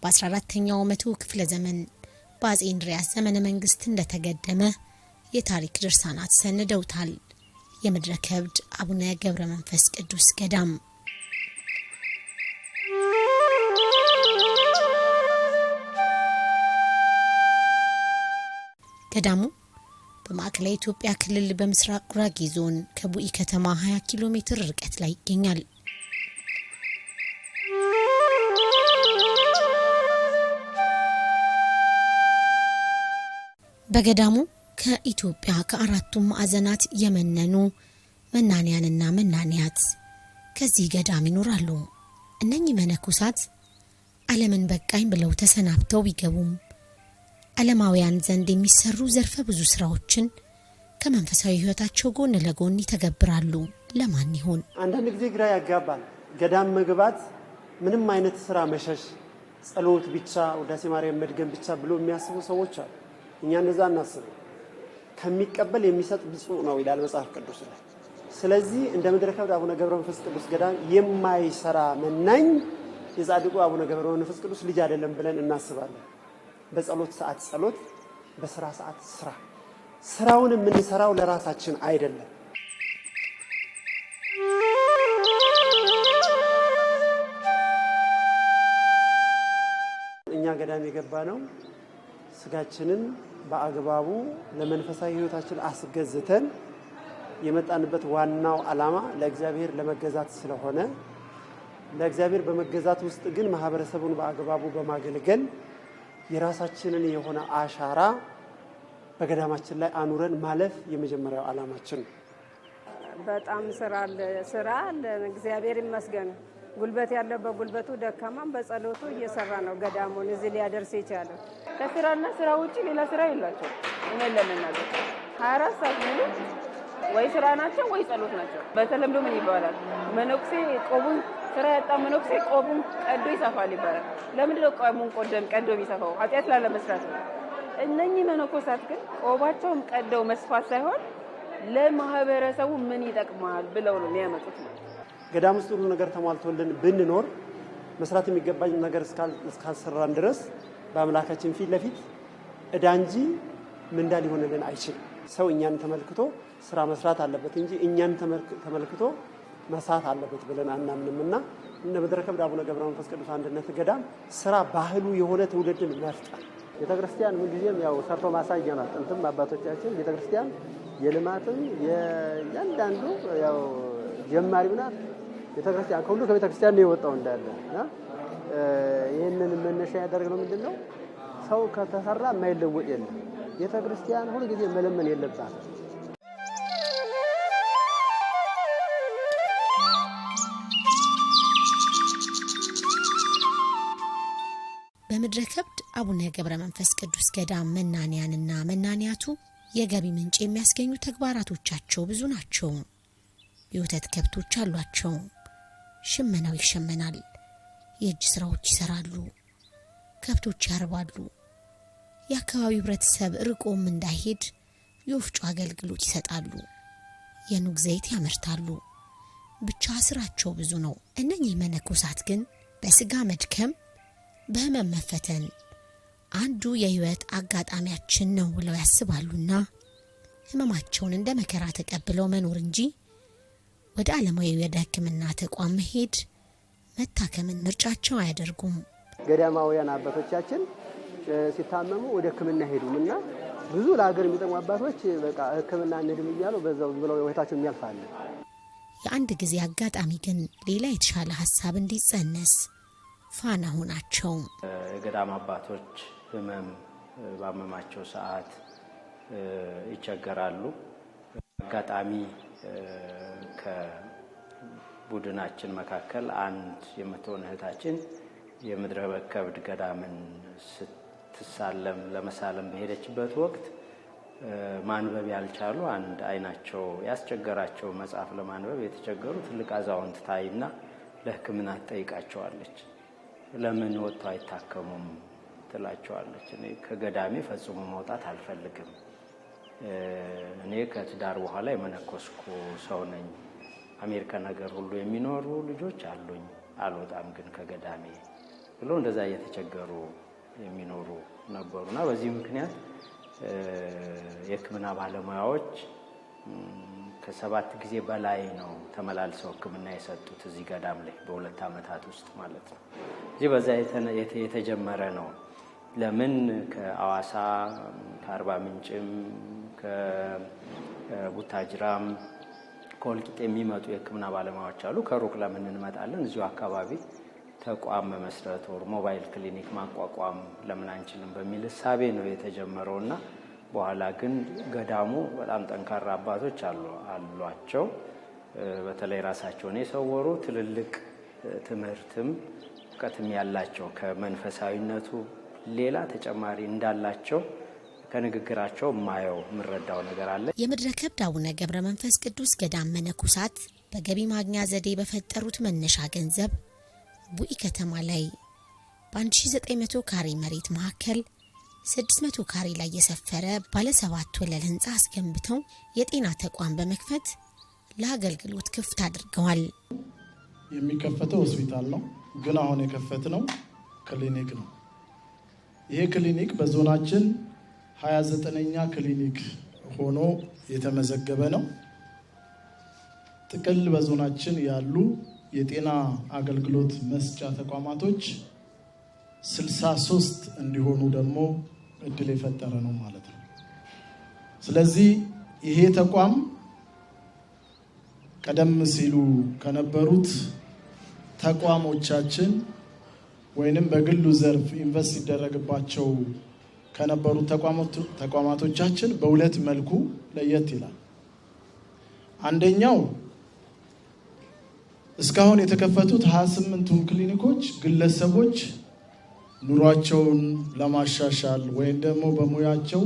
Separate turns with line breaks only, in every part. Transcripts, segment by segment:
በ14ተኛው መቶ ክፍለ ዘመን በአጼ እንድሪያስ ዘመነ መንግስት እንደተገደመ የታሪክ ድርሳናት ሰንደውታል። የምድረ ከብድ አቡነ ገብረ መንፈስ ቅዱስ ገዳም ቀዳሙ በማዕከላዊ ኢትዮጵያ ክልል በምስራቅ ጉራጌ ዞን ከቡኢ ከተማ 20 ኪሎ ሜትር ርቀት ላይ ይገኛል። በገዳሙ ከኢትዮጵያ ከአራቱም ማዕዘናት የመነኑ መናንያንና መናንያት ከዚህ ገዳም ይኖራሉ። እነኚህ መነኮሳት ዓለምን በቃኝ ብለው ተሰናብተው ቢገቡም ዓለማውያን ዘንድ የሚሰሩ ዘርፈ ብዙ ስራዎችን ከመንፈሳዊ ህይወታቸው ጎን ለጎን ይተገብራሉ። ለማን ይሆን?
አንዳንድ ጊዜ ግራ ያጋባል። ገዳም መግባት ምንም አይነት ስራ መሸሽ፣ ጸሎት ብቻ ውዳሴ ማርያም መድገም ብቻ ብሎ የሚያስቡ ሰዎች አሉ። እኛ እንደዛ እናስብ። ከሚቀበል የሚሰጥ ብፁዕ ነው ይላል መጽሐፍ ቅዱስ ላይ። ስለዚህ እንደ ምድረ ከብድ አቡነ ገብረ መንፈስ ቅዱስ ገዳም የማይሰራ መናኝ የጻድቁ አቡነ ገብረ መንፈስ ቅዱስ ልጅ አይደለም ብለን እናስባለን። በጸሎት ሰዓት ጸሎት፣ በስራ ሰዓት ስራ። ስራውን የምንሰራው ለራሳችን አይደለም። እኛ ገዳም የገባ ነው ስጋችንን በአግባቡ ለመንፈሳዊ ሕይወታችን አስገዝተን የመጣንበት ዋናው ዓላማ ለእግዚአብሔር ለመገዛት ስለሆነ ለእግዚአብሔር በመገዛት ውስጥ ግን ማህበረሰቡን በአግባቡ በማገልገል የራሳችንን የሆነ አሻራ በገዳማችን ላይ አኑረን ማለፍ የመጀመሪያው ዓላማችን ነው።
በጣም ስራ አለ፣ ስራ አለ። እግዚአብሔር ይመስገን። ጉልበት ያለው በጉልበቱ ደካማም በጸሎቱ እየሰራ ነው ገዳሙን እዚህ ሊያደርስ የቻለ።
ከስራና ስራ ውጭ ሌላ ስራ የላቸው። እውነት ለመናገር ሀያ አራት ሰዓት ሙሉ ወይ ስራ ናቸው ወይ ጸሎት ናቸው። በተለምዶ ምን ይባላል መነኩሴ ቆቡን ስራ ያጣ መነኩሴ ቆቡን ቀዶ ይሰፋል ይባላል። ለምንድን ነው ቆቡን ቀዶ የሚሰፋው? ኃጢአት ላለመስራት ነው። እነኚህ መነኮሳት ግን ቆባቸውን ቀደው መስፋት ሳይሆን ለማህበረሰቡ ምን ይጠቅማል ብለው ነው የሚያመጡት።
ገዳም ውስጥ ሁሉ ነገር ተሟልቶልን ብንኖር መስራት የሚገባኝ ነገር እስካልሰራን ድረስ በአምላካችን ፊት ለፊት እዳ እንጂ ምንዳ ሊሆንልን አይችልም። ሰው እኛን ተመልክቶ ስራ መስራት አለበት እንጂ እኛን ተመልክቶ መሳት አለበት ብለን አናምንም እና እነ በደረከብድ አቡነ ገብረ መንፈስ ቅዱስ አንድነት ገዳም ስራ ባህሉ የሆነ ትውልድን መፍጠር
ቤተክርስቲያን ምንጊዜም ያው ሰርቶ ማሳያ ናት። ጥንትም አባቶቻችን ቤተክርስቲያን የልማትም ያንዳንዱ ያው ጀማሪው ናት። ቤተክርስቲያን ከሁሉ ከቤተክርስቲያን ነው የወጣው እንዳለ እና ይህንን መነሻ ያደረግነው ምንድን ነው? ሰው ከተሰራ የማይለወጥ የለም። ቤተክርስቲያን ሁልጊዜ መለመን የለባትም።
ምድረ ከብድ አቡነ ገብረ መንፈስ ቅዱስ ገዳም መናንያንና መናንያቱ የገቢ ምንጭ የሚያስገኙ ተግባራቶቻቸው ብዙ ናቸው። የወተት ከብቶች አሏቸው። ሽመናው ይሸመናል። የእጅ ስራዎች ይሰራሉ። ከብቶች ያርባሉ። የአካባቢው ህብረተሰብ ርቆም እንዳይሄድ የወፍጮ አገልግሎት ይሰጣሉ። የኑግ ዘይት ያመርታሉ። ብቻ ስራቸው ብዙ ነው። እነኚህ መነኮሳት ግን በስጋ መድከም በህመም መፈተን አንዱ የህይወት አጋጣሚያችን ነው ብለው ያስባሉና ህመማቸውን እንደ መከራ ተቀብለው መኖር እንጂ ወደ ዓለማዊ ወደ ህክምና ተቋም መሄድ መታከምን ምርጫቸው አያደርጉም።
ገዳማውያን አባቶቻችን ሲታመሙ ወደ ህክምና ሄዱም እና ብዙ ለሀገር የሚጠቅሙ አባቶች በቃ ህክምና እንድም እያሉ በዛው ብለው ህይወታቸው የሚያልፋለን።
የአንድ ጊዜ አጋጣሚ ግን ሌላ የተሻለ ሀሳብ እንዲጸነስ ፋናሁ ናቸው።
የገዳም አባቶች ህመም ባመማቸው ሰዓት ይቸገራሉ። አጋጣሚ ከቡድናችን መካከል አንድ የምትሆን እህታችን የምድረ በከብድ ገዳምን ስትሳለም ለመሳለም በሄደችበት ወቅት ማንበብ ያልቻሉ አንድ አይናቸው ያስቸገራቸው መጽሐፍ ለማንበብ የተቸገሩ ትልቅ አዛውንት ታይና ለሕክምና ትጠይቃቸዋለች። ለምን ወጥቶ አይታከሙም ትላቸዋለች። እኔ ከገዳሜ ፈጽሞ መውጣት አልፈልግም። እኔ ከትዳር በኋላ የመነኮስኩ ሰው ነኝ። አሜሪካ ነገር ሁሉ የሚኖሩ ልጆች አሉኝ። አልወጣም ግን ከገዳሜ ብሎ እንደዛ እየተቸገሩ የሚኖሩ ነበሩና በዚህ ምክንያት የሕክምና ባለሙያዎች ከሰባት ጊዜ በላይ ነው ተመላልሰው ሕክምና የሰጡት እዚህ ገዳም ላይ በሁለት ዓመታት ውስጥ ማለት ነው። እዚህ በዛ የተጀመረ ነው። ለምን ከአዋሳ ከአርባ ምንጭም ከቡታጅራም ከወልቂጤ የሚመጡ የሕክምና ባለሙያዎች አሉ። ከሩቅ ለምን እንመጣለን? እዚሁ አካባቢ ተቋም መመስረት ወር ሞባይል ክሊኒክ ማቋቋም ለምን አንችልም በሚል እሳቤ ነው የተጀመረው እና በኋላ ግን ገዳሙ በጣም ጠንካራ አባቶች አሏቸው። በተለይ ራሳቸውን የሰወሩ ትልልቅ ትምህርትም እውቀትም ያላቸው ከመንፈሳዊነቱ ሌላ ተጨማሪ እንዳላቸው ከንግግራቸው ማየው የምረዳው ነገር አለ።
የምድረ ከብድ አቡነ ገብረ መንፈስ ቅዱስ ገዳም መነኩሳት በገቢ ማግኛ ዘዴ በፈጠሩት መነሻ ገንዘብ ቡኢ ከተማ ላይ በ1900 ካሬ መሬት መካከል 600 ካሬ ላይ የሰፈረ ባለ ሰባት ወለል ህንፃ አስገንብተው የጤና ተቋም በመክፈት ለአገልግሎት ክፍት አድርገዋል።
የሚከፈተው ሆስፒታል ነው፣ ግን አሁን የከፈት ነው ክሊኒክ ነው። ይሄ ክሊኒክ በዞናችን 29ኛ ክሊኒክ ሆኖ የተመዘገበ ነው። ጥቅል በዞናችን ያሉ የጤና አገልግሎት መስጫ ተቋማቶች ስልሳ ሶስት እንዲሆኑ ደግሞ እድል የፈጠረ ነው ማለት ነው። ስለዚህ ይሄ ተቋም ቀደም ሲሉ ከነበሩት ተቋሞቻችን ወይንም በግሉ ዘርፍ ኢንቨስት ሲደረግባቸው ከነበሩት ተቋማቶቻችን በሁለት መልኩ ለየት ይላል። አንደኛው እስካሁን የተከፈቱት 28ቱን ክሊኒኮች ግለሰቦች ኑሯቸውን ለማሻሻል ወይም ደግሞ በሙያቸው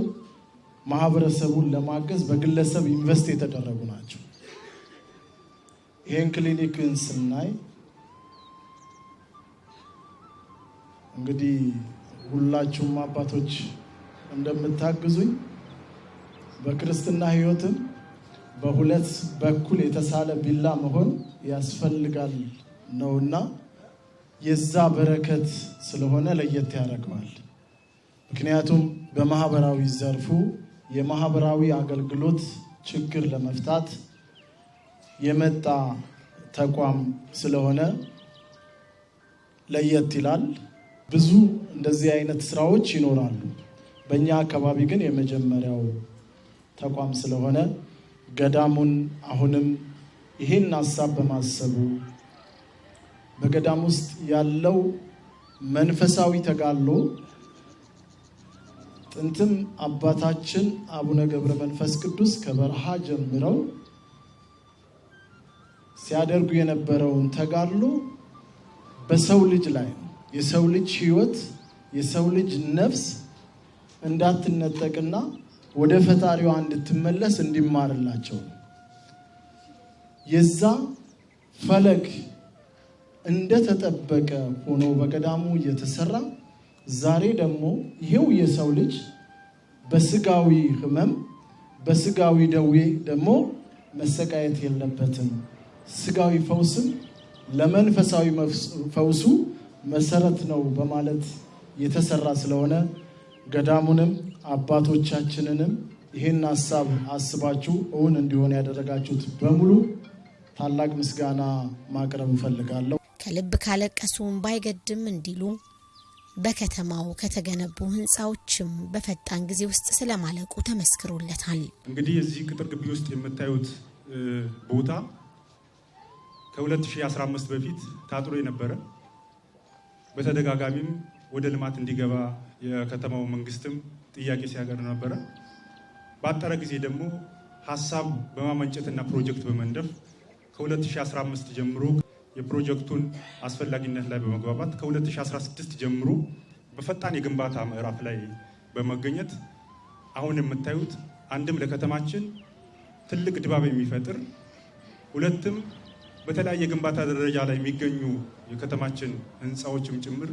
ማህበረሰቡን ለማገዝ በግለሰብ ኢንቨስት የተደረጉ ናቸው። ይህን ክሊኒክን ስናይ እንግዲህ ሁላችሁም አባቶች እንደምታግዙኝ በክርስትና ሕይወትም በሁለት በኩል የተሳለ ቢላ መሆን ያስፈልጋል ነውና የዛ በረከት ስለሆነ ለየት ያደርገዋል። ምክንያቱም በማህበራዊ ዘርፉ የማህበራዊ አገልግሎት ችግር ለመፍታት የመጣ ተቋም ስለሆነ ለየት ይላል። ብዙ እንደዚህ አይነት ስራዎች ይኖራሉ። በእኛ አካባቢ ግን የመጀመሪያው ተቋም ስለሆነ ገዳሙን አሁንም ይህን ሀሳብ በማሰቡ በገዳም ውስጥ ያለው መንፈሳዊ ተጋድሎ ጥንትም አባታችን አቡነ ገብረ መንፈስ ቅዱስ ከበረሃ ጀምረው ሲያደርጉ የነበረውን ተጋድሎ በሰው ልጅ ላይ ነው። የሰው ልጅ ህይወት የሰው ልጅ ነፍስ እንዳትነጠቅና ወደ ፈጣሪዋ እንድትመለስ እንዲማርላቸው የዛ ፈለግ እንደተጠበቀ ሆኖ በቀዳሙ እየተሰራ ዛሬ ደግሞ ይሄው የሰው ልጅ በስጋዊ ህመም በስጋዊ ደዌ ደግሞ መሰቃየት የለበትም። ስጋዊ ፈውስም ለመንፈሳዊ ፈውሱ መሰረት ነው በማለት የተሰራ ስለሆነ ገዳሙንም አባቶቻችንንም ይህን ሀሳብ አስባችሁ እውን እንዲሆን ያደረጋችሁት በሙሉ ታላቅ ምስጋና ማቅረብ እፈልጋለሁ።
ከልብ ካለቀሱ ባይገድም አይገድም እንዲሉ በከተማው ከተገነቡ ህንፃዎችም በፈጣን ጊዜ ውስጥ ስለማለቁ ተመስክሮለታል።
እንግዲህ እዚህ ቅጥር ግቢ ውስጥ የምታዩት ቦታ ከ2015 በፊት ታጥሮ የነበረ በተደጋጋሚም ወደ ልማት እንዲገባ የከተማው መንግስትም ጥያቄ ሲያቀርብ ነበረ። ባጠረ ጊዜ ደግሞ ሀሳብ በማመንጨትና ፕሮጀክት በመንደፍ ከ2015 ጀምሮ የፕሮጀክቱን አስፈላጊነት ላይ በመግባባት ከ2016 ጀምሮ በፈጣን የግንባታ ምዕራፍ ላይ በመገኘት አሁን የምታዩት አንድም ለከተማችን ትልቅ ድባብ የሚፈጥር ሁለትም በተለያየ የግንባታ ደረጃ ላይ የሚገኙ የከተማችን ህንፃዎችም ጭምር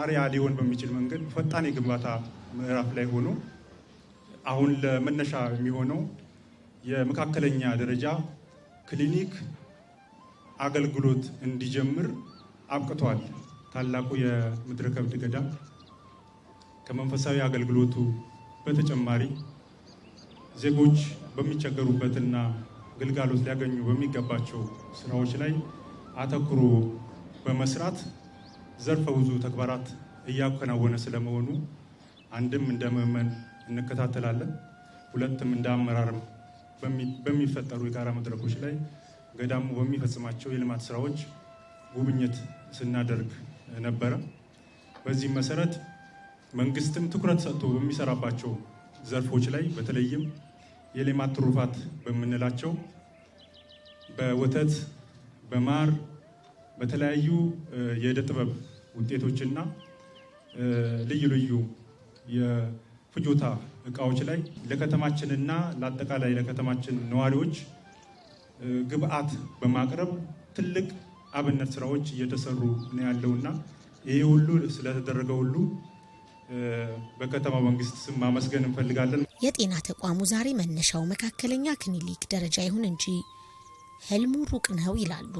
አሪያ ሊሆን በሚችል መንገድ ፈጣን የግንባታ ምዕራፍ ላይ ሆኖ አሁን ለመነሻ የሚሆነው የመካከለኛ ደረጃ ክሊኒክ አገልግሎት እንዲጀምር አብቅቷል። ታላቁ የምድረ ከብድ ገዳም ከመንፈሳዊ አገልግሎቱ በተጨማሪ ዜጎች በሚቸገሩበትና ግልጋሎት ሊያገኙ በሚገባቸው ስራዎች ላይ አተኩሮ በመስራት ዘርፈ ብዙ ተግባራት እያከናወነ ስለመሆኑ አንድም እንደ ምዕመን እንከታተላለን፣ ሁለትም እንደ አመራርም በሚፈጠሩ የጋራ መድረኮች ላይ ገዳሙ በሚፈጽማቸው የልማት ስራዎች ጉብኝት ስናደርግ ነበረ። በዚህም መሰረት መንግስትም ትኩረት ሰጥቶ በሚሰራባቸው ዘርፎች ላይ በተለይም የሌማት ትሩፋት በምንላቸው በወተት፣ በማር፣ በተለያዩ የእደ ጥበብ ውጤቶችና ልዩ ልዩ የፍጆታ እቃዎች ላይ ለከተማችንና ለአጠቃላይ ለከተማችን ነዋሪዎች ግብአት በማቅረብ ትልቅ አብነት ስራዎች እየተሰሩ ነው ያለውና ይህ ሁሉ ስለተደረገ ሁሉ በከተማ መንግስት ስም ማመስገን እንፈልጋለን።
የጤና ተቋሙ ዛሬ መነሻው መካከለኛ ክሊኒክ ደረጃ ይሁን እንጂ ህልሙ ሩቅ ነው ይላሉ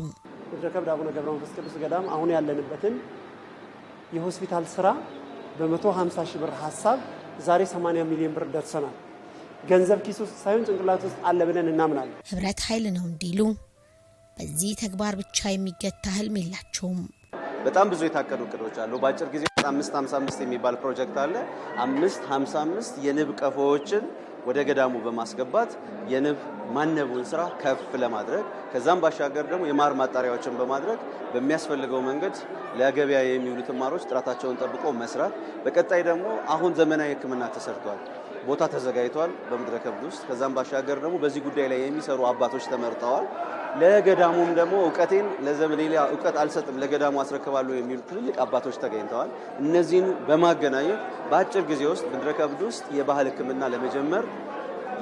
ደብረ ከብድ አቡነ ገብረ መንፈስ ቅዱስ ገዳም። አሁን ያለንበትን የሆስፒታል ስራ በ150 ሺህ ብር ሀሳብ ዛሬ 80 ሚሊዮን ብር ደርሰናል። ገንዘብ ኪስ ውስጥ ሳይሆን ጭንቅላት ውስጥ አለ ብለን እናምናለን።
ህብረት ኃይል ነው እንዲሉ በዚህ ተግባር ብቻ የሚገታ ህልም የላቸውም።
በጣም ብዙ የታቀዱ እቅዶች አሉ። በአጭር ጊዜ አምስት ሀምሳ አምስት የሚባል ፕሮጀክት አለ። አምስት ሀምሳ አምስት የንብ ቀፎዎችን ወደ ገዳሙ በማስገባት የንብ ማነቡን ስራ ከፍ ለማድረግ ከዛም ባሻገር ደግሞ የማር ማጣሪያዎችን በማድረግ በሚያስፈልገው መንገድ ለገበያ የሚውሉትን ማሮች ጥራታቸውን ጠብቆ መስራት። በቀጣይ ደግሞ አሁን ዘመናዊ ሕክምና ተሰርቷል። ቦታ ተዘጋጅቷል በምድረ ከብድ ውስጥ። ከዛም ባሻገር ደግሞ በዚህ ጉዳይ ላይ የሚሰሩ አባቶች ተመርጠዋል። ለገዳሙም ደግሞ እውቀቴን ለዘመን ሌላ እውቀት አልሰጥም ለገዳሙ አስረክባለሁ የሚሉ ትልልቅ አባቶች ተገኝተዋል። እነዚህን በማገናኘት በአጭር ጊዜ ውስጥ ምድረ ከብድ ውስጥ የባህል ሕክምና ለመጀመር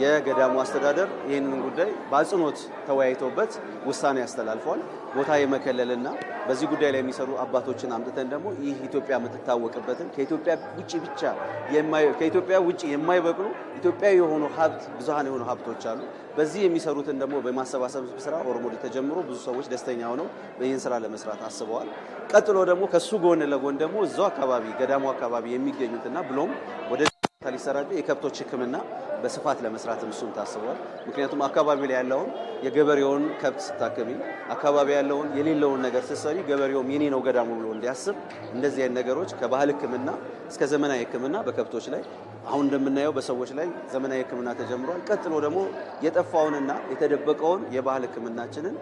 የገዳሙ አስተዳደር ይህንን ጉዳይ በአጽንኦት ተወያይቶበት ውሳኔ ያስተላልፏል። ቦታ የመከለልና በዚህ ጉዳይ ላይ የሚሰሩ አባቶችን አምጥተን ደግሞ ይህ ኢትዮጵያ የምትታወቅበትን ከኢትዮጵያ ውጭ ብቻ ከኢትዮጵያ ውጭ የማይበቅሉ ኢትዮጵያዊ የሆኑ ሀብት ብዙሀን የሆኑ ሀብቶች አሉ። በዚህ የሚሰሩትን ደግሞ በማሰባሰብ ስራ ኦሮሞ ተጀምሮ ብዙ ሰዎች ደስተኛ ሆነው ይህን ስራ ለመስራት አስበዋል። ቀጥሎ ደግሞ ከሱ ጎን ለጎን ደግሞ እዛው አካባቢ ገዳሙ አካባቢ የሚገኙትና ብሎም ወደ ሊሰራጩ የከብቶች ሕክምና በስፋት ለመስራትም እሱም ታስቧል። ምክንያቱም አካባቢ ላይ ያለውን የገበሬውን ከብት ስታከሚ አካባቢ ያለውን የሌለውን ነገር ስትሰሪ ገበሬውም የኔ ነው ገዳሙ ብሎ እንዲያስብ እንደዚህ አይነት ነገሮች ከባህል ሕክምና እስከ ዘመናዊ ሕክምና በከብቶች ላይ አሁን እንደምናየው በሰዎች ላይ ዘመናዊ ሕክምና ተጀምሯል። ቀጥሎ ደግሞ የጠፋውንና የተደበቀውን የባህል ሕክምናችንን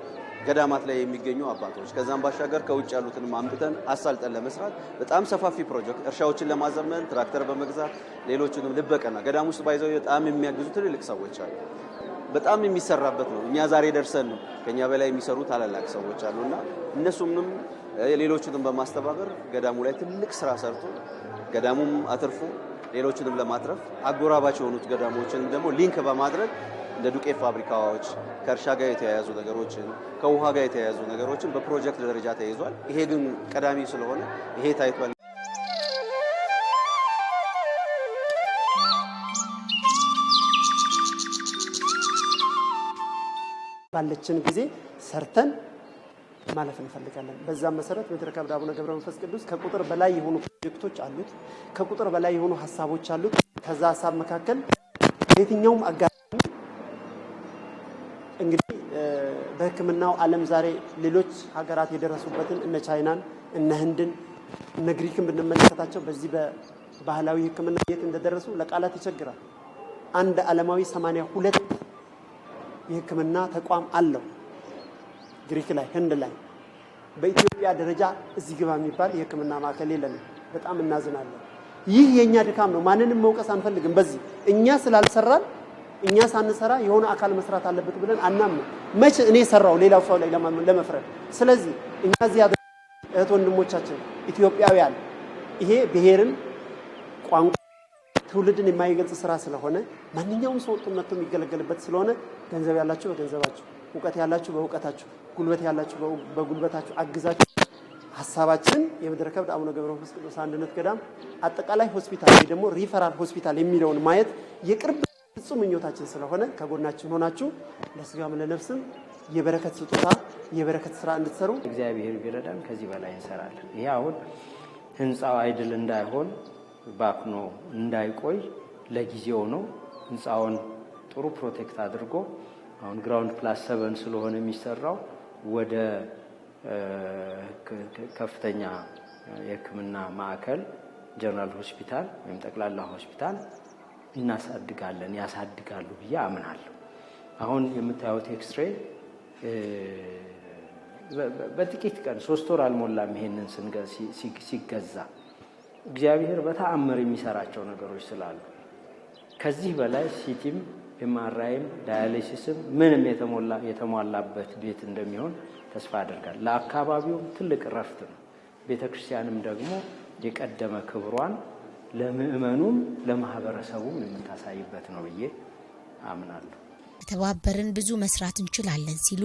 ገዳማት ላይ የሚገኙ አባቶች ከዛም ባሻገር ከውጭ ያሉትን አምጥተን አሳልጠን ለመስራት በጣም ሰፋፊ ፕሮጀክት እርሻዎችን ለማዘመን ትራክተር በመግዛት ሌሎችንም ልበቀና ገዳም ውስጥ ባይዘው በጣም የሚያግዙ ትልልቅ ሰዎች አሉ። በጣም የሚሰራበት ነው። እኛ ዛሬ ደርሰን ነው። ከኛ በላይ የሚሰሩ ታላላቅ ሰዎች አሉና እነሱንም ሌሎችንም በማስተባበር ገዳሙ ላይ ትልቅ ስራ ሰርቶ ገዳሙም አትርፎ ሌሎችንም ለማትረፍ አጎራባች የሆኑት ገዳሞችን ደግሞ ሊንክ በማድረግ እንደ ዱቄት ፋብሪካዎች ከእርሻ ጋር የተያያዙ ነገሮችን ከውሃ ጋር የተያያዙ ነገሮችን በፕሮጀክት ደረጃ ተይዟል። ይሄ ግን ቀዳሚ ስለሆነ ይሄ ታይቷል።
ባለችን ጊዜ ሰርተን ማለፍ እንፈልጋለን። በዛም መሰረት ምድረ ከብድ አቡነ ገብረ መንፈስ ቅዱስ ከቁጥር በላይ የሆኑ ፕሮጀክቶች አሉት። ከቁጥር በላይ የሆኑ ሀሳቦች አሉት። ከዛ ሀሳብ መካከል የትኛውም አጋ እንግዲህ በሕክምናው ዓለም ዛሬ ሌሎች ሀገራት የደረሱበትን እነ ቻይናን እነ ህንድን እነ ግሪክን ብንመለከታቸው በዚህ በባህላዊ ሕክምና የት እንደደረሱ ለቃላት ይቸግራል። አንድ ዓለማዊ ሰማንያ ሁለት የሕክምና ተቋም አለው ግሪክ ላይ፣ ህንድ ላይ። በኢትዮጵያ ደረጃ እዚህ ግባ የሚባል የሕክምና ማዕከል የለንም። በጣም እናዝናለን። ይህ የእኛ ድካም ነው። ማንንም መውቀስ አንፈልግም። በዚህ እኛ ስላልሰራን እኛ ሳንሰራ የሆነ አካል መስራት አለበት ብለን አናም መቼ እኔ ሰራው ሌላው ሰው ላይ ለመፍረድ። ስለዚህ እኛ እዚህ እህት ወንድሞቻችን ኢትዮጵያውያን ይሄ ብሔርን፣ ቋንቋ፣ ትውልድን የማይገልጽ ስራ ስለሆነ ማንኛውም ሰው ወጥቶ መጥቶ የሚገለገልበት ስለሆነ ገንዘብ ያላችሁ በገንዘባችሁ፣ እውቀት ያላችሁ በእውቀታችሁ፣ ጉልበት ያላችሁ በጉልበታችሁ አግዛችሁ ሀሳባችን የምድረ ከብድ አቡነ ገብረ መንፈስ ቅዱስ አንድነት ገዳም አጠቃላይ ሆስፒታል ወይ ደግሞ ሪፈራል ሆስፒታል የሚለውን ማየት የቅርብ ፍጹም ምኞታችን ስለሆነ ከጎናችን ሆናችሁ ለስጋም ለነፍስም የበረከት ስጦታ የበረከት ስራ እንድትሰሩ
እግዚአብሔር ቢረዳን ከዚህ በላይ እንሰራለን። ይሄ አሁን ህንፃው አይድል እንዳይሆን ባክኖ እንዳይቆይ ለጊዜው ነው። ህንፃውን ጥሩ ፕሮቴክት አድርጎ አሁን ግራውንድ ፕላስ ሰቨን ስለሆነ የሚሰራው ወደ ከፍተኛ የሕክምና ማዕከል ጀነራል ሆስፒታል ወይም ጠቅላላ ሆስፒታል እናሳድጋለን ያሳድጋሉ ብዬ አምናለሁ። አሁን የምታዩት ኤክስሬ በጥቂት ቀን ሶስት ወር አልሞላም ይሄንን ሲገዛ እግዚአብሔር በተአምር የሚሰራቸው ነገሮች ስላሉ ከዚህ በላይ ሲቲም ኤምአርአይም ዳያሊሲስም ምንም የተሟላበት ቤት እንደሚሆን ተስፋ አድርጋል። ለአካባቢውም ትልቅ እረፍት ነው። ቤተ ክርስቲያንም ደግሞ የቀደመ ክብሯን ለምእመኑም ለማህበረሰቡም የምታሳይበት ነው ብዬ አምናለሁ።
የተባበርን ብዙ መስራት እንችላለን ሲሉ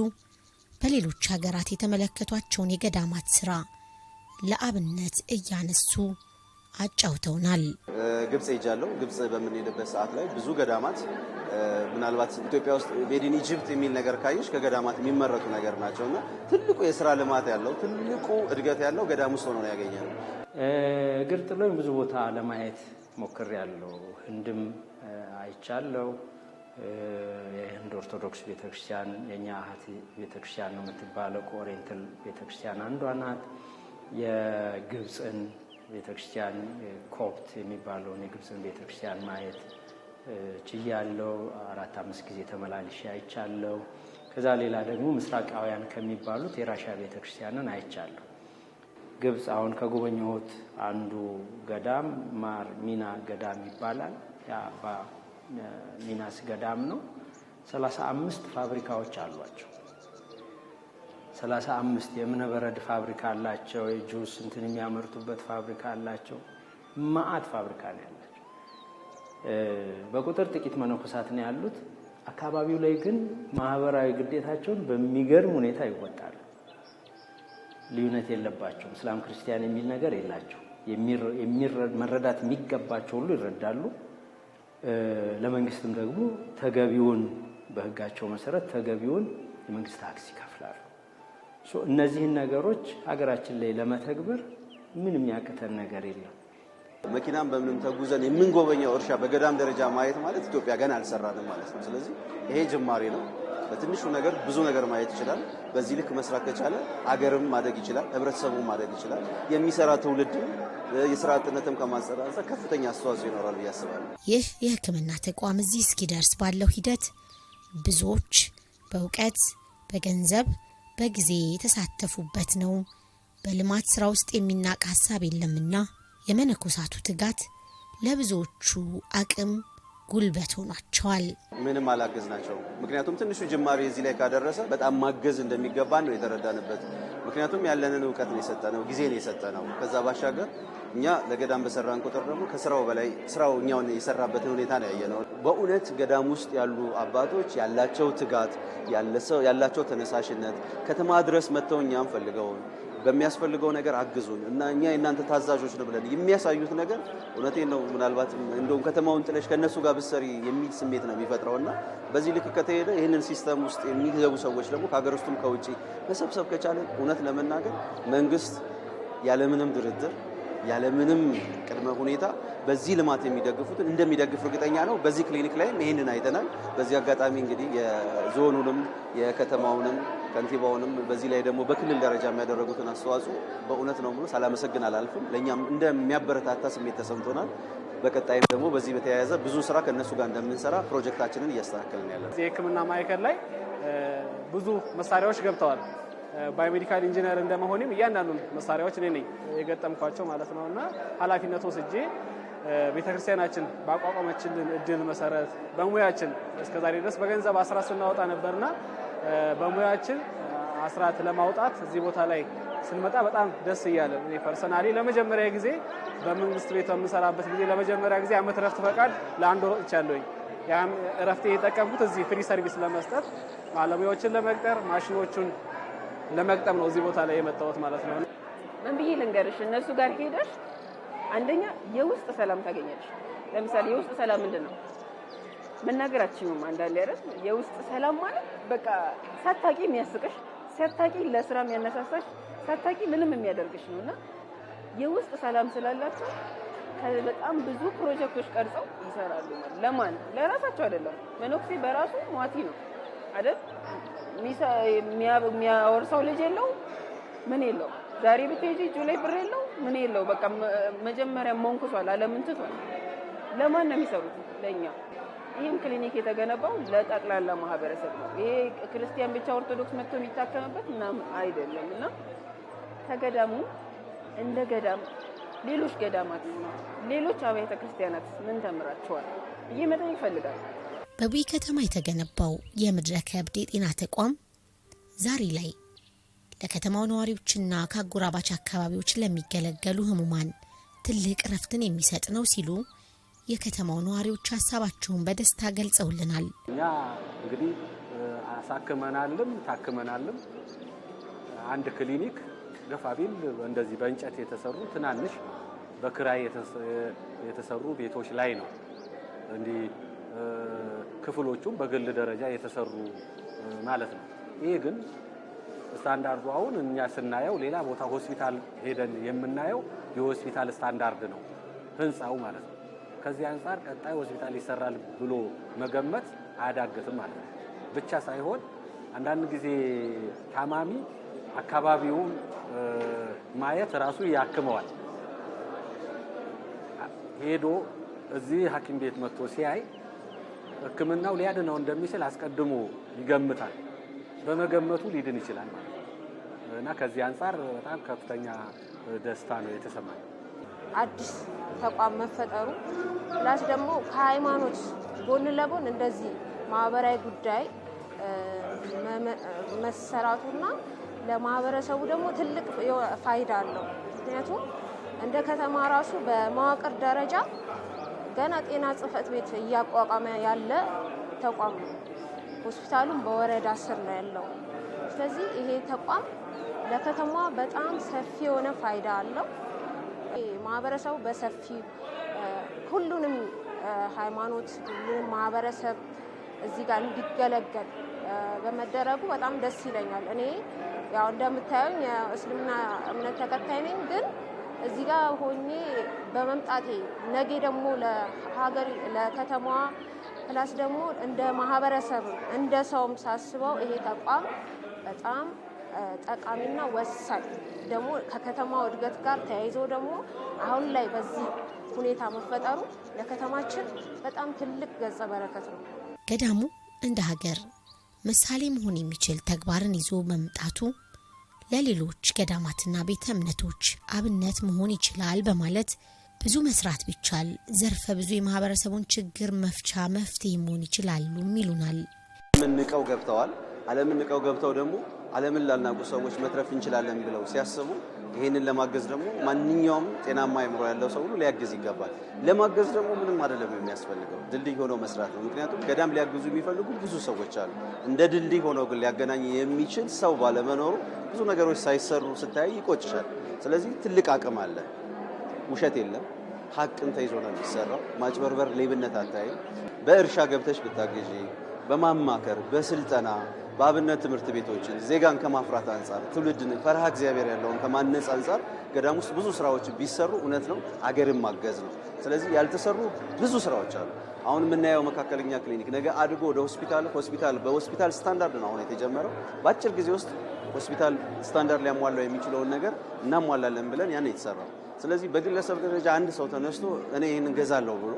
በሌሎች ሀገራት የተመለከቷቸውን የገዳማት ስራ ለአብነት እያነሱ አጫውተውናል።
ግብጽ ሄጃለሁ። ግብጽ በምንሄድበት ሰዓት ላይ ብዙ ገዳማት ምናልባት ኢትዮጵያ ውስጥ ሜዲን ኢጅፕት የሚል ነገር ካየሽ ከገዳማት የሚመረቱ ነገር ናቸው እና ትልቁ የስራ ልማት ያለው ትልቁ እድገት ያለው ገዳም ውስጥ ሆኖ ነው ያገኘ ነው።
እግር ጥሎኝ ብዙ ቦታ ለማየት ሞክሬያለሁ። ህንድም አይቻለሁ። የህንድ ኦርቶዶክስ ቤተክርስቲያን የእኛ እህት ቤተክርስቲያን ነው የምትባለው፣ ከኦሪየንታል ቤተክርስቲያን አንዷ ናት። የግብፅን ቤተክርስቲያን ኮፕት የሚባለውን የግብፅን ቤተክርስቲያን ማየት ችያለው። አራት አምስት ጊዜ ተመላልሼ አይቻለው። ከዛ ሌላ ደግሞ ምስራቃውያን ከሚባሉት የራሻ ቤተክርስቲያንን አይቻለሁ። ግብፅ አሁን ከጎበኘሁት አንዱ ገዳም ማር ሚና ገዳም ይባላል። የአባ ሚናስ ገዳም ነው። ሰላሳ አምስት ፋብሪካዎች አሏቸው። ሰላሳ አምስት የእብነበረድ ፋብሪካ አላቸው። የጁስ እንትን የሚያመርቱበት ፋብሪካ አላቸው። ማአት ፋብሪካ ነው ያላቸው። በቁጥር ጥቂት መነኮሳት ነው ያሉት። አካባቢው ላይ ግን ማህበራዊ ግዴታቸውን በሚገርም ሁኔታ ይወጣሉ። ልዩነት የለባቸው። እስላም ክርስቲያን የሚል ነገር የላቸው። መረዳት የሚገባቸው ሁሉ ይረዳሉ። ለመንግስትም ደግሞ ተገቢውን በህጋቸው መሰረት ተገቢውን የመንግስት ታክስ ይከፍላሉ። እነዚህን ነገሮች ሀገራችን ላይ ለመተግበር ምን የሚያቅተን ነገር የለም።
መኪናም በምንም ተጉዘን የምንጎበኘው እርሻ በገዳም ደረጃ ማየት ማለት ኢትዮጵያ ገና አልሰራንም ማለት ነው። ስለዚህ ይሄ ጅማሬ ነው። በትንሹ ነገር ብዙ ነገር ማየት ይችላል። በዚህ ልክ መስራት ከቻለ አገርም ማደግ ይችላል፣ ህብረተሰቡም ማደግ ይችላል። የሚሰራ ትውልድም የስራ አጥነትም ከማንጸር ከፍተኛ አስተዋጽኦ ይኖራል ብዬ አስባለሁ።
ይህ የህክምና ተቋም እዚህ እስኪደርስ ባለው ሂደት ብዙዎች በእውቀት በገንዘብ በጊዜ የተሳተፉበት ነው። በልማት ስራ ውስጥ የሚናቅ ሀሳብ የለምና የመነኮሳቱ ትጋት ለብዙዎቹ አቅም ጉልበት ሆኗቸዋል።
ምንም አላገዝ ናቸው። ምክንያቱም ትንሹ ጅማሬ እዚህ ላይ ካደረሰ በጣም ማገዝ እንደሚገባ ነው የተረዳንበት። ምክንያቱም ያለንን እውቀት ነው የሰጠነው፣ ጊዜ ነው የሰጠነው። ከዛ ባሻገር እኛ ለገዳም በሰራን ቁጥር ደግሞ ከስራው በላይ ስራው እኛውን የሰራበትን ሁኔታ ነው ያየነው። በእውነት ገዳም ውስጥ ያሉ አባቶች ያላቸው ትጋት፣ ያላቸው ተነሳሽነት ከተማ ድረስ መጥተው እኛም ፈልገውን በሚያስፈልገው ነገር አግዙን እና እኛ የእናንተ ታዛዦች ነው ብለን የሚያሳዩት ነገር እውነቴን ነው። ምናልባት እንደውም ከተማውን ጥለሽ ከእነሱ ጋር ብሰሪ የሚል ስሜት ነው የሚፈጥረው እና በዚህ ልክ ከተሄደ ይህንን ሲስተም ውስጥ የሚገቡ ሰዎች ደግሞ ከሀገር ውስጡም ከውጭ መሰብሰብ ከቻለ እውነት ለመናገር መንግስት ያለምንም ድርድር ያለምንም ቅድመ ሁኔታ በዚህ ልማት የሚደግፉትን እንደሚደግፍ እርግጠኛ ነው። በዚህ ክሊኒክ ላይም ይህንን አይተናል። በዚህ አጋጣሚ እንግዲህ የዞኑንም የከተማውንም ከንቲባውንም በዚህ ላይ ደግሞ በክልል ደረጃ የሚያደረጉትን አስተዋጽኦ በእውነት ነው ብሎ ሳላመሰግን አላልፍም። ለእኛም እንደሚያበረታታ ስሜት ተሰምቶናል። በቀጣይም ደግሞ በዚህ በተያያዘ ብዙ ስራ ከእነሱ ጋር እንደምንሰራ ፕሮጀክታችንን እያስተካከልን ያለን
የህክምና ማዕከል ላይ ብዙ መሳሪያዎች ገብተዋል። ባዮሜዲካል ኢንጂነር እንደመሆኔም እያንዳንዱን መሳሪያዎች እኔ ነኝ የገጠምኳቸው ማለት ነው እና ኃላፊነት ወስጄ ቤተክርስቲያናችን ባቋቋመችልን እድል መሰረት በሙያችን እስከዛሬ ድረስ በገንዘብ አስራ ስናወጣ ነበርና በሙያችን አስራት ለማውጣት እዚህ ቦታ ላይ ስንመጣ በጣም ደስ እያለ እኔ ፐርሰናሊ ለመጀመሪያ ጊዜ በመንግስት ቤት በምሰራበት ጊዜ ለመጀመሪያ ጊዜ አመት እረፍት ፈቃድ ለአንድ ወር ወጥቻለሁኝ። ያም እረፍቴ የጠቀምኩት እዚህ ፍሪ ሰርቪስ ለመስጠት ባለሙያዎችን ለመቅጠር ማሽኖቹን ለመቅጠም ነው እዚህ ቦታ ላይ የመጣሁት ማለት ነው።
ምን ብዬ ልንገርሽ፣ እነሱ ጋር ሄደሽ አንደኛ የውስጥ ሰላም ታገኛለሽ። ለምሳሌ የውስጥ ሰላም ምንድን ነው መናገር አትችይውም። አንዳንድ ያረት የውስጥ ሰላም ማለት በቃ ሳታቂ የሚያስቅሽ ሳታቂ ለስራ የሚያነሳሳሽ ሳታቂ ምንም የሚያደርግሽ ነው እና የውስጥ ሰላም ስላላቸው በጣም ብዙ ፕሮጀክቶች ቀርጸው ይሰራሉ። ለማን ለራሳቸው አይደለም። መነኩሴ በራሱ ሟቲ ነው አይደል? የሚያወርሰው ልጅ የለው ምን የለው። ዛሬ ብትሄጂ እጁ ላይ ብር የለው ምን የለው። በቃ መጀመሪያ መንኩሷል፣ አለምን ትቷል። ለማን ነው የሚሰሩት? ለእኛ ይህም ክሊኒክ የተገነባው ለጠቅላላ ማህበረሰብ ነው። ይሄ ክርስቲያን ብቻ ኦርቶዶክስ መጥቶ የሚታከምበት ምናምን አይደለም እና ከገዳሙ እንደ ገዳም ሌሎች ገዳማት ሌሎች አብያተ ክርስቲያናት ምን ተምራቸዋል ብዬ መጠን ይፈልጋል።
በቡይ ከተማ የተገነባው የምድረ ከብድ የጤና ተቋም ዛሬ ላይ ለከተማው ነዋሪዎችና ከአጎራባች አካባቢዎች ለሚገለገሉ ህሙማን ትልቅ እረፍትን የሚሰጥ ነው ሲሉ የከተማው ነዋሪዎች ሀሳባቸውን በደስታ ገልጸውልናል።
እኛ እንግዲህ አሳክመናልም ታክመናልም። አንድ ክሊኒክ ገፋቢል እንደዚህ በእንጨት የተሰሩ ትናንሽ በክራይ የተሰሩ ቤቶች ላይ ነው እንዲህ ክፍሎቹም በግል ደረጃ የተሰሩ ማለት ነው። ይሄ ግን ስታንዳርዱ አሁን እኛ ስናየው ሌላ ቦታ ሆስፒታል ሄደን የምናየው የሆስፒታል ስታንዳርድ ነው ህንፃው ማለት ነው። ከዚህ አንጻር ቀጣይ ሆስፒታል ይሰራል ብሎ መገመት አያዳግትም ማለት ነው። ብቻ ሳይሆን አንዳንድ ጊዜ ታማሚ አካባቢውን ማየት ራሱ ያክመዋል። ሄዶ እዚህ ሐኪም ቤት መጥቶ ሲያይ ሕክምናው ሊያድነው እንደሚችል አስቀድሞ ይገምታል። በመገመቱ ሊድን ይችላል ማለት ነው እና ከዚህ አንጻር በጣም ከፍተኛ ደስታ ነው የተሰማኝ።
አዲስ ተቋም መፈጠሩ ፕላስ ደግሞ ከሃይማኖት ጎን ለጎን እንደዚህ ማህበራዊ ጉዳይ መሰራቱና ለማህበረሰቡ ደግሞ ትልቅ ፋይዳ አለው። ምክንያቱም እንደ ከተማ ራሱ በመዋቅር ደረጃ ገና ጤና ጽህፈት ቤት እያቋቋመ ያለ ተቋም ነው። ሆስፒታሉም በወረዳ ስር ነው ያለው። ስለዚህ ይሄ ተቋም ለከተማ በጣም ሰፊ የሆነ ፋይዳ አለው። ማህበረሰቡ በሰፊ ሁሉንም ሃይማኖት፣ ሁሉንም ማህበረሰብ እዚህ ጋር እንዲገለገል በመደረጉ በጣም ደስ ይለኛል። እኔ ያው እንደምታየኝ የእስልምና እምነት ተከታይ ነኝ፣ ግን እዚህ ጋር ሆኜ በመምጣቴ ነገ ደግሞ ለሀገር ለከተማዋ ፕላስ ደግሞ እንደ ማህበረሰብ እንደ ሰውም ሳስበው ይሄ ተቋም በጣም ጠቃሚና ወሳኝ ደግሞ ከከተማው እድገት ጋር ተያይዞ ደግሞ አሁን ላይ በዚህ ሁኔታ መፈጠሩ ለከተማችን በጣም ትልቅ ገጸ በረከት ነው።
ገዳሙ እንደ ሀገር ምሳሌ መሆን የሚችል ተግባርን ይዞ መምጣቱ ለሌሎች ገዳማትና ቤተ እምነቶች አብነት መሆን ይችላል በማለት ብዙ መስራት ቢቻል ዘርፈ ብዙ የማህበረሰቡን ችግር መፍቻ መፍትሄ መሆን ይችላሉም ይሉናል።
ምንቀው ገብተዋል። አለምንቀው ገብተው ደግሞ ዓለምን ላልናቁ ሰዎች መትረፍ እንችላለን ብለው ሲያስቡ ይህንን ለማገዝ ደግሞ ማንኛውም ጤናማ አይምሮ ያለው ሰው ሁሉ ሊያግዝ ይገባል። ለማገዝ ደግሞ ምንም አይደለም የሚያስፈልገው ድልድይ ሆኖ መስራት ነው። ምክንያቱም ገዳም ሊያግዙ የሚፈልጉ ብዙ ሰዎች አሉ። እንደ ድልድይ ሆኖ ግን ሊያገናኝ የሚችል ሰው ባለመኖሩ ብዙ ነገሮች ሳይሰሩ ስታይ ይቆጭሻል። ስለዚህ ትልቅ አቅም አለ። ውሸት የለም። ሀቅን ተይዞ ነው የሚሰራው። ማጭበርበር፣ ሌብነት አታይም። በእርሻ ገብተሽ ብታግዢ፣ በማማከር በስልጠና በአብነት ትምህርት ቤቶችን ዜጋን ከማፍራት አንጻር ትውልድን ፈርሃ እግዚአብሔር ያለውን ከማነጽ አንጻር ገዳም ውስጥ ብዙ ስራዎች ቢሰሩ እውነት ነው አገርን ማገዝ ነው። ስለዚህ ያልተሰሩ ብዙ ስራዎች አሉ። አሁን የምናየው መካከለኛ ክሊኒክ ነገ አድጎ ወደ ሆስፒታል ሆስፒታል በሆስፒታል ስታንዳርድ ነው አሁን የተጀመረው። በአጭር ጊዜ ውስጥ ሆስፒታል ስታንዳርድ ሊያሟላው የሚችለውን ነገር እናሟላለን ብለን ያን የተሰራው። ስለዚህ በግለሰብ ደረጃ አንድ ሰው ተነስቶ እኔ ይህን እገዛለሁ ብሎ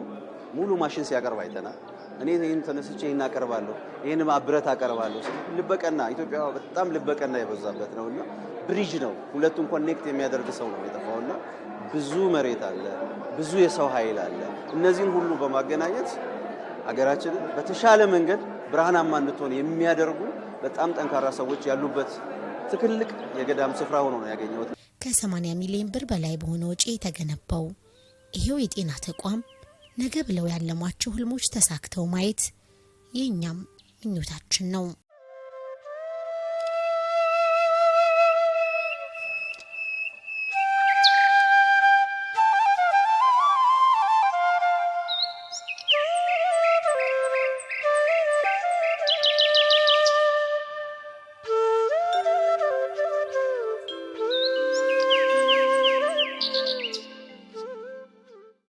ሙሉ ማሽን ሲያቀርብ አይተናል። እኔ ይህን ተነስቼ ይህን አቀርባለሁ፣ ይህን አብረት አቀርባለሁ። ልበቀና ኢትዮጵያ በጣም ልበቀና የበዛበት ነው እና ብሪጅ ነው ሁለቱን ኮኔክት የሚያደርግ ሰው ነው የጠፋውና ብዙ መሬት አለ፣ ብዙ የሰው ኃይል አለ። እነዚህን ሁሉ በማገናኘት ሀገራችንን በተሻለ መንገድ ብርሃናማ እንድትሆን የሚያደርጉ በጣም ጠንካራ ሰዎች ያሉበት ትልቅ የገዳም ስፍራ ሆኖ ነው ያገኘሁት።
ከ80 ሚሊዮን ብር በላይ በሆነ ወጪ የተገነባው ይሄው የጤና ተቋም ነገ ብለው ያለሟቸው ህልሞች ተሳክተው ማየት የእኛም ምኞታችን ነው።